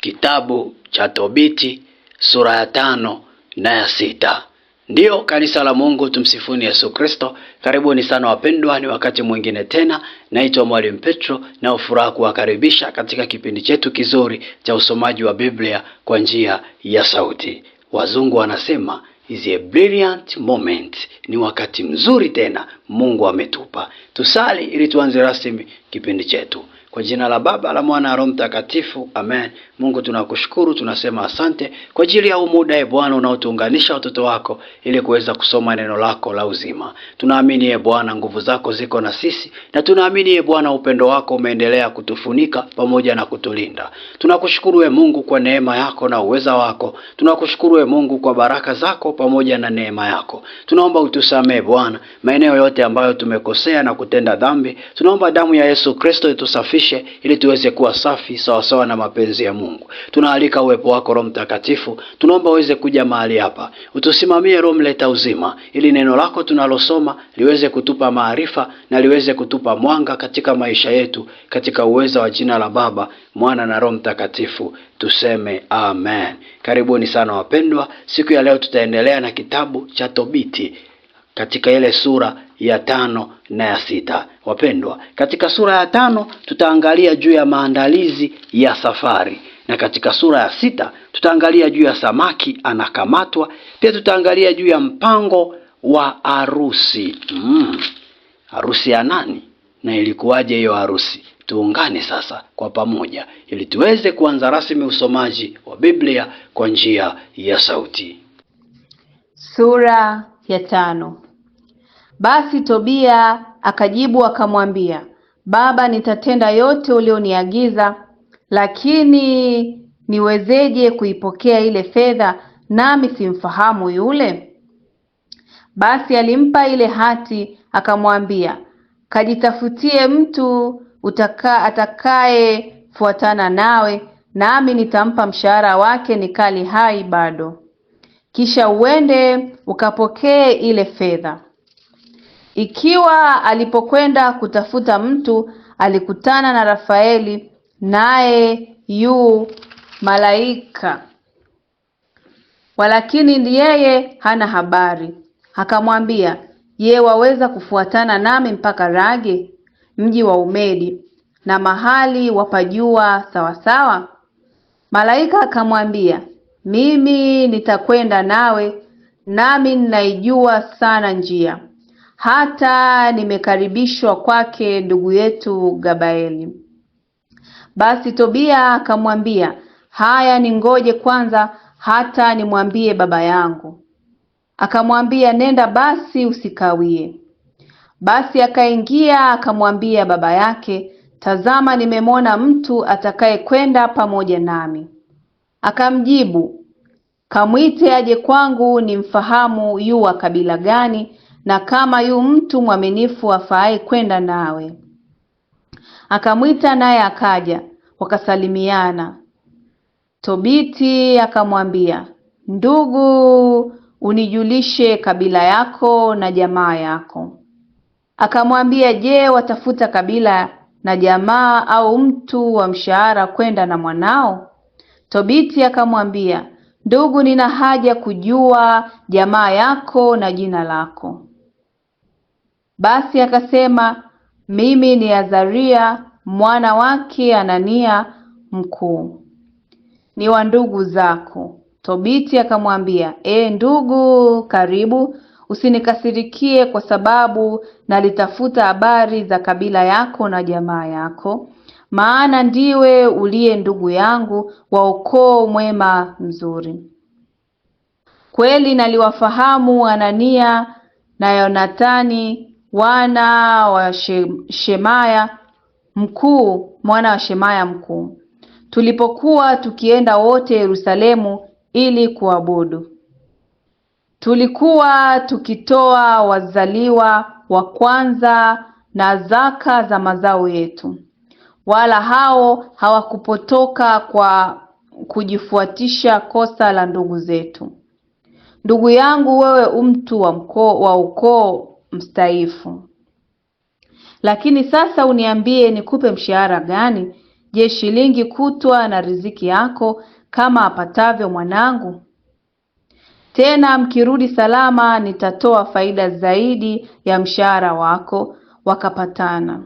kitabu cha Tobiti sura ya tano na ya sita. Ndiyo kanisa la Mungu, tumsifuni Yesu Kristo. Karibuni sana wapendwa, ni wakati mwingine tena. Naitwa Mwalimu Petro na ufuraha kuwakaribisha katika kipindi chetu kizuri cha usomaji wa Biblia kwa njia ya sauti. Wazungu wanasema is a brilliant moment, ni wakati mzuri tena Mungu ametupa. Tusali ili tuanze rasmi kipindi chetu. Kwa jina la Baba la Mwana na Roho Mtakatifu, amen. Mungu tunakushukuru, tunasema asante kwa ajili ya umuda, e ee Bwana, unaotuunganisha watoto wako ili kuweza kusoma neno lako la uzima. Tunaamini e Bwana, nguvu zako ziko na sisi, na tunaamini e Bwana, upendo wako umeendelea kutufunika pamoja na kutulinda. Tunakushukuru e Mungu kwa neema yako na uweza wako. Tunakushukuru e Mungu kwa baraka zako pamoja na neema yako. Tunaomba utusamee Bwana maeneo yote ambayo tumekosea na kutenda dhambi. Tunaomba damu ya Yesu Kristo itusafishe tusafishe ili tuweze kuwa safi sawasawa na mapenzi ya Mungu. Tunaalika uwepo wako Roho Mtakatifu, tunaomba uweze kuja mahali hapa, utusimamie Roho mleta uzima, ili neno lako tunalosoma liweze kutupa maarifa na liweze kutupa mwanga katika maisha yetu, katika uweza wa jina la Baba, Mwana na Roho Mtakatifu tuseme amen. Karibuni sana wapendwa, siku ya leo tutaendelea na kitabu cha Tobiti katika ile sura ya tano na ya sita. Wapendwa, katika sura ya tano tutaangalia juu ya maandalizi ya safari, na katika sura ya sita tutaangalia juu ya samaki anakamatwa. Pia tutaangalia juu ya mpango wa harusi Mm, harusi ya nani na ilikuwaje hiyo harusi Tuungane sasa kwa pamoja ili tuweze kuanza rasmi usomaji wa Biblia kwa njia ya sauti. Sura ya tano. Basi Tobia akajibu akamwambia, Baba, nitatenda yote ulioniagiza, lakini niwezeje kuipokea ile fedha, nami simfahamu yule? Basi alimpa ile hati akamwambia, kajitafutie mtu utaka atakayefuatana nawe, nami nitampa mshahara wake nikali hai bado, kisha uende ukapokee ile fedha. Ikiwa alipokwenda kutafuta mtu alikutana na Rafaeli, naye yu malaika, walakini yeye hana habari. Akamwambia, Je, waweza kufuatana nami mpaka Rage, mji wa Umedi na mahali wapajua sawasawa? Malaika akamwambia, mimi nitakwenda nawe, nami ninaijua sana njia hata nimekaribishwa kwake ndugu yetu Gabaeli. Basi Tobia akamwambia, haya, ni ngoje kwanza hata nimwambie baba yangu. Akamwambia, nenda basi, usikawie. Basi akaingia akamwambia baba yake, tazama, nimemwona mtu atakayekwenda pamoja nami. Akamjibu, kamwite aje kwangu, nimfahamu yu wa kabila gani, na kama yu mtu mwaminifu afaaye kwenda nawe. Akamwita naye akaja, wakasalimiana. Tobiti akamwambia, ndugu, unijulishe kabila yako na jamaa yako. Akamwambia, je, watafuta kabila na jamaa au mtu wa mshahara kwenda na mwanao? Tobiti akamwambia, ndugu, nina haja kujua jamaa yako na jina lako. Basi akasema, mimi ni Azaria mwana wake Anania mkuu, ni wa ndugu zako. Tobiti akamwambia, e ndugu, karibu, usinikasirikie kwa sababu nalitafuta habari za kabila yako na jamaa yako, maana ndiwe uliye ndugu yangu wa ukoo mwema mzuri. Kweli naliwafahamu Anania na Yonathani wana wa Shemaya mkuu mwana wa Shemaya mkuu, tulipokuwa tukienda wote Yerusalemu ili kuabudu. Tulikuwa tukitoa wazaliwa wa kwanza na zaka za mazao yetu, wala hao hawakupotoka kwa kujifuatisha kosa la ndugu zetu. Ndugu yangu, wewe mtu wa mkoo wa ukoo mstaifu. Lakini sasa uniambie, nikupe mshahara gani? Je, shilingi kutwa na riziki yako kama apatavyo mwanangu? Tena mkirudi salama, nitatoa faida zaidi ya mshahara wako. Wakapatana.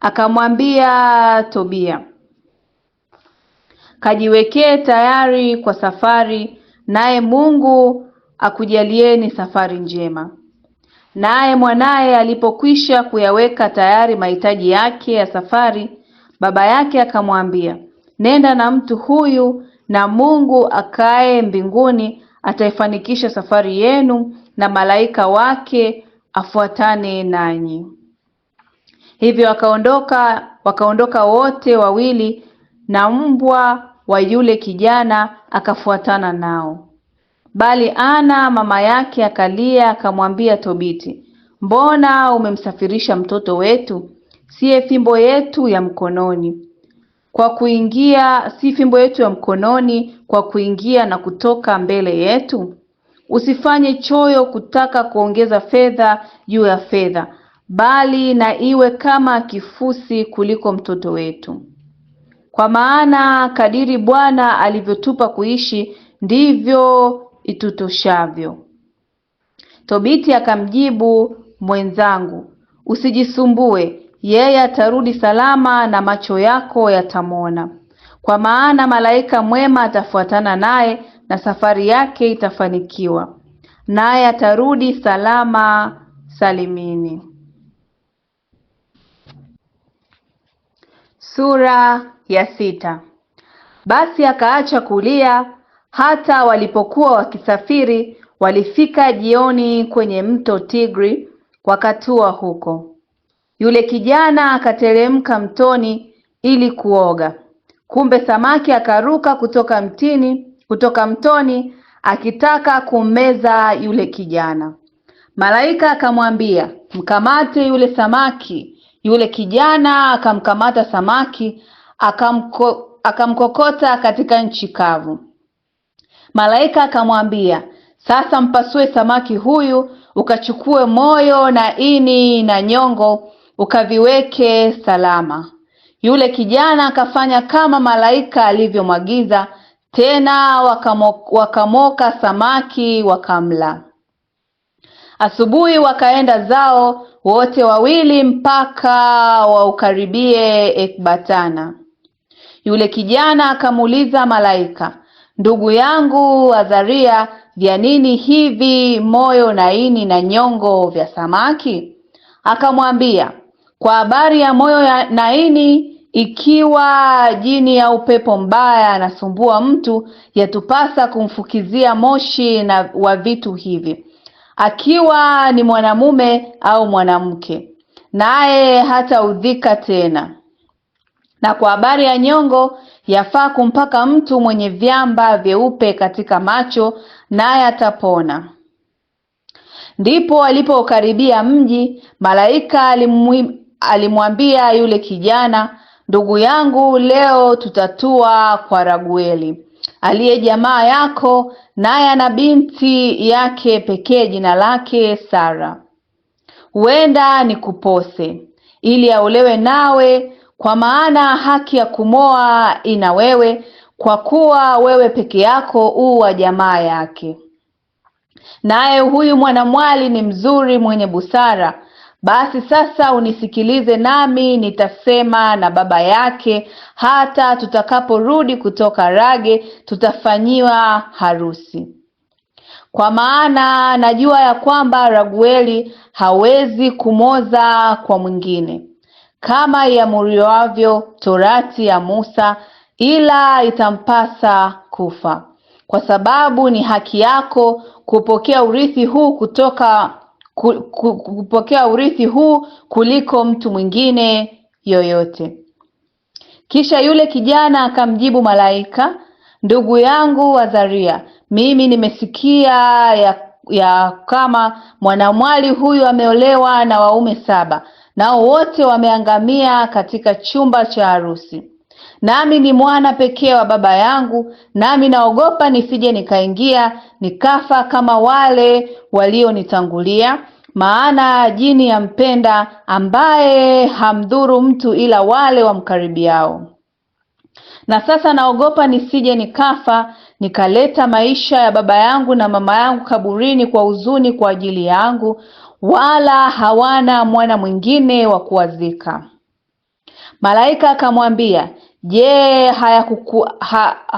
Akamwambia Tobia, kajiwekee tayari kwa safari, naye Mungu akujalieni safari njema. Naye mwanaye alipokwisha kuyaweka tayari mahitaji yake ya safari, baba yake akamwambia, nenda na mtu huyu, na Mungu akaye mbinguni ataifanikisha safari yenu, na malaika wake afuatane nanyi. Hivyo wakaondoka, wakaondoka wote wawili, na mbwa wa yule kijana akafuatana nao. Bali Ana mama yake akalia akamwambia Tobiti, mbona umemsafirisha mtoto wetu? Siye fimbo yetu ya mkononi kwa kuingia, si fimbo yetu ya mkononi kwa kuingia na kutoka mbele yetu? Usifanye choyo kutaka kuongeza fedha juu ya fedha, bali na iwe kama kifusi kuliko mtoto wetu. Kwa maana kadiri Bwana alivyotupa kuishi ndivyo itutoshavyo. Tobiti akamjibu mwenzangu, usijisumbue, yeye atarudi salama na macho yako yatamwona, kwa maana malaika mwema atafuatana naye na safari yake itafanikiwa, naye atarudi salama salimini. Sura ya sita. Basi akaacha kulia hata walipokuwa wakisafiri walifika jioni kwenye mto Tigri wakatua huko. Yule kijana akateremka mtoni ili kuoga, kumbe samaki akaruka kutoka mtini, kutoka mtoni akitaka kummeza yule kijana. Malaika akamwambia, mkamate yule samaki. Yule kijana akamkamata samaki akamko, akamkokota katika nchi kavu. Malaika akamwambia, sasa mpasue samaki huyu, ukachukue moyo na ini na nyongo, ukaviweke salama. Yule kijana akafanya kama malaika alivyomwagiza, tena wakamoka samaki wakamla. Asubuhi wakaenda zao wote wawili mpaka waukaribie Ekbatana. Yule kijana akamuuliza malaika, Ndugu yangu Azaria vya nini hivi moyo na ini na nyongo vya samaki? Akamwambia, kwa habari ya moyo na ini, ikiwa jini ya upepo mbaya anasumbua mtu, yatupasa kumfukizia moshi na wa vitu hivi, akiwa ni mwanamume au mwanamke, naye hata udhika tena. Na kwa habari ya nyongo, yafaa kumpaka mtu mwenye vyamba vyeupe katika macho, naye atapona. Ndipo alipokaribia mji, malaika alimwambia yule kijana, ndugu yangu, leo tutatua kwa Ragueli aliye jamaa yako, naye ana binti yake pekee, jina lake Sara. Huenda nikupose ili aolewe nawe kwa maana haki ya kumoa ina wewe, kwa kuwa wewe peke yako huu wa jamaa yake. Naye huyu mwanamwali ni mzuri, mwenye busara. Basi sasa unisikilize, nami nitasema na baba yake, hata tutakaporudi kutoka Rage tutafanyiwa harusi. Kwa maana najua ya kwamba Ragueli hawezi kumoza kwa mwingine, kama iamuriwavyo Torati ya Musa, ila itampasa kufa, kwa sababu ni haki yako kupokea urithi huu kutoka ku, ku, kupokea urithi huu kuliko mtu mwingine yoyote. Kisha yule kijana akamjibu malaika, ndugu yangu Azaria, mimi nimesikia ya, ya kama mwanamwali huyu ameolewa na waume saba nao wote wameangamia katika chumba cha harusi. Nami ni mwana pekee wa baba yangu, nami naogopa nisije nikaingia nikafa kama wale walionitangulia. Maana jini yampenda, ambaye hamdhuru mtu ila wale wamkaribiao. Na sasa naogopa nisije nikafa nikaleta maisha ya baba yangu na mama yangu kaburini kwa huzuni kwa ajili yangu, wala hawana mwana mwingine wa kuwazika. Malaika akamwambia, Je,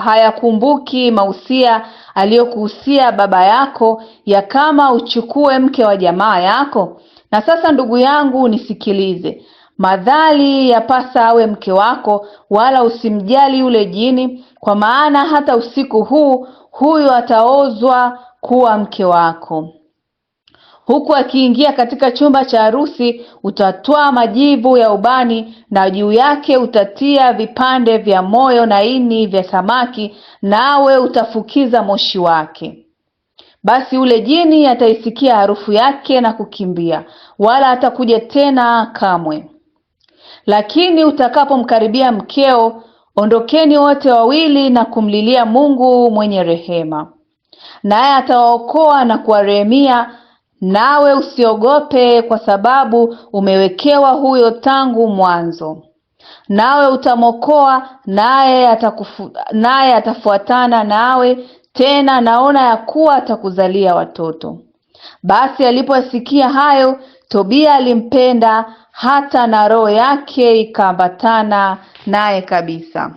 hayakumbuki haya mausia aliyokuhusia baba yako ya kama uchukue mke wa jamaa yako? Na sasa ndugu yangu, nisikilize. Madhali yapasa awe mke wako, wala usimjali yule jini, kwa maana hata usiku huu huyo ataozwa kuwa mke wako. Huku akiingia katika chumba cha harusi utatwaa majivu ya ubani na juu yake utatia vipande vya moyo na ini vya samaki, nawe utafukiza moshi wake. Basi ule jini ataisikia harufu yake na kukimbia, wala hatakuja tena kamwe. Lakini utakapomkaribia mkeo, ondokeni wote wawili na kumlilia Mungu mwenye rehema, naye atawaokoa na kuwarehemia nawe usiogope, kwa sababu umewekewa huyo tangu mwanzo. Nawe utamwokoa, naye atakufu, naye atafuatana nawe tena, naona ya kuwa atakuzalia watoto. Basi alipoyasikia hayo, Tobia alimpenda hata na roho yake ikaambatana naye kabisa.